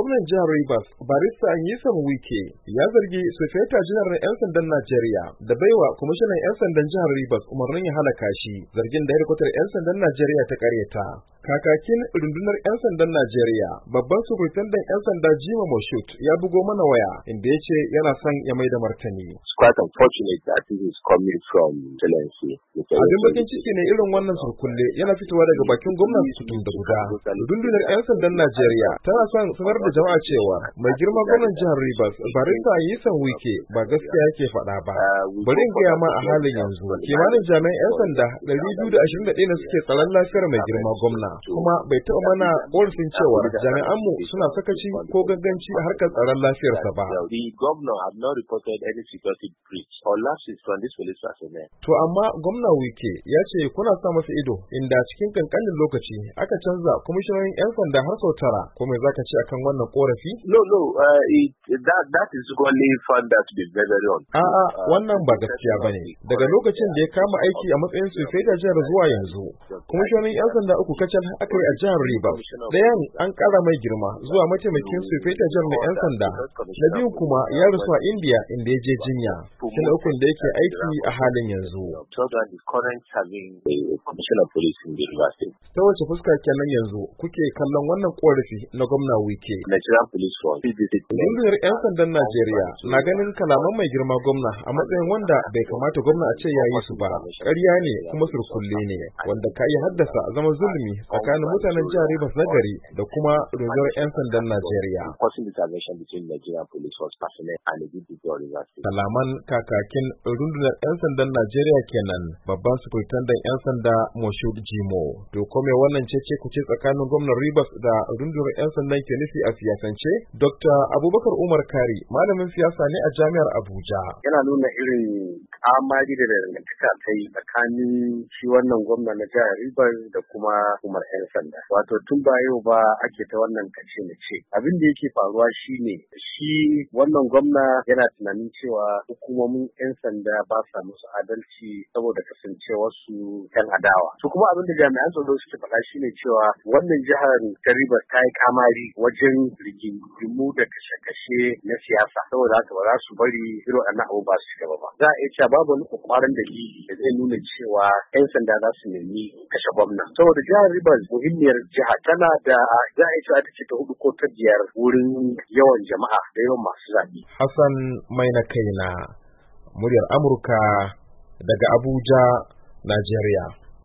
gwamnan jihar Rivers barista Anyisan Wike ya zargi sufeta jihar na 'yan sandan Najeriya da baiwa kwamishinan 'yan sandan jihar Rivers umarnin ya halaka shi zargin da hedkwatar 'yan sandan Najeriya ta ƙaryata. kakakin rundunar 'yan sandan Najeriya babban sufurtandan 'yan sanda Jima Moshut ya bugo mana waya inda ya ce yana son ya mai da martani. Abin bakin ciki ne irin wannan surkulle yana fitowa daga bakin gwamnan Sutum da guda. Rundunar 'yan sandan Najeriya tana son sanar da jama'a cewa mai girma gwamnan jihar Rivers Barista Yisan Wike ba gaskiya yake faɗa ba. Bari in gaya ma a halin yanzu kimanin jami'an 'yan sanda 221 ne suke tsaron lafiyar mai girma gwamna. kuma bai taɓa mana ƙorafin cewa jami'anmu suna sakaci ko ganganci a harkar tsaron lafiyarsa ba. To amma gwamna wike ya ce kuna sa masa ido inda cikin kankanin lokaci aka canza kwamishinonin 'yan sanda har sau tara ko me zaka ce akan wannan ƙorafi? No no uh, it, that, that is only be very on. A'a uh, wannan ba gaskiya ba ne daga lokacin da ya kama aiki a matsayin su sai da jihar zuwa yanzu kwamishinonin 'yan sanda uku kacal kacal aka yi a jihar Rivers. an ƙara mai girma zuwa mataimakin su sufeta jar mai 'yan sanda. Na biyu kuma ya rasu a India inda ya je jinya. Shi na ukun da yake aiki a halin yanzu. Ta wace fuska kenan yanzu kuke kallon wannan ƙorafi na gwamna wike. ƙungiyar 'yan sandan Najeriya na ganin kalaman mai girma gwamna a matsayin wanda bai kamata gwamna a ce ya yi su ba. Ƙarya ne kuma surkulle ne wanda ka iya haddasa zama zulumi tsakanin mutanen jihar Rivers na gari da kuma rundunar 'yan sandan Najeriya. Salaman kakakin rundunar 'yan sandan Najeriya kenan babban sufurtandan 'yan sanda Moshood Jimo. To kome wannan cece kuce tsakanin gwamnan Rivers da rundunar 'yan sandan ke nufi a siyasance? Dr. Abubakar Umar Kari malamin siyasa ne a jami'ar Abuja. Yana nuna irin kamari da da ta yi tsakanin shi wannan gwamna na jihar Rivers da kuma hukumar 'yan sanda wato tun ba yau ba ake ta wannan kace na ce abin da yake faruwa shine shi wannan gwamna yana tunanin cewa hukumomin 'yan sanda ba sa musu adalci saboda kasancewar su 'yan adawa su kuma abin da jami'an tsaro suke faɗa shi ne cewa wannan jihar ta ribar ta yi kamari wajen rigingimu da kashe-kashe na siyasa saboda haka ba za su bari irin wannan abu ba su gaba ba za a iya cewa babu wani da dalili da zai nuna cewa 'yan sanda za su nemi kashe gwamna saboda jihar riba. Rivers muhimmiyar jiha tana da za a cewa ta ce ta hudu ko ta biyar wurin yawan jama'a da yawan masu zaɓe. Hassan mai na kaina muryar Amurka daga Abuja, Najeriya.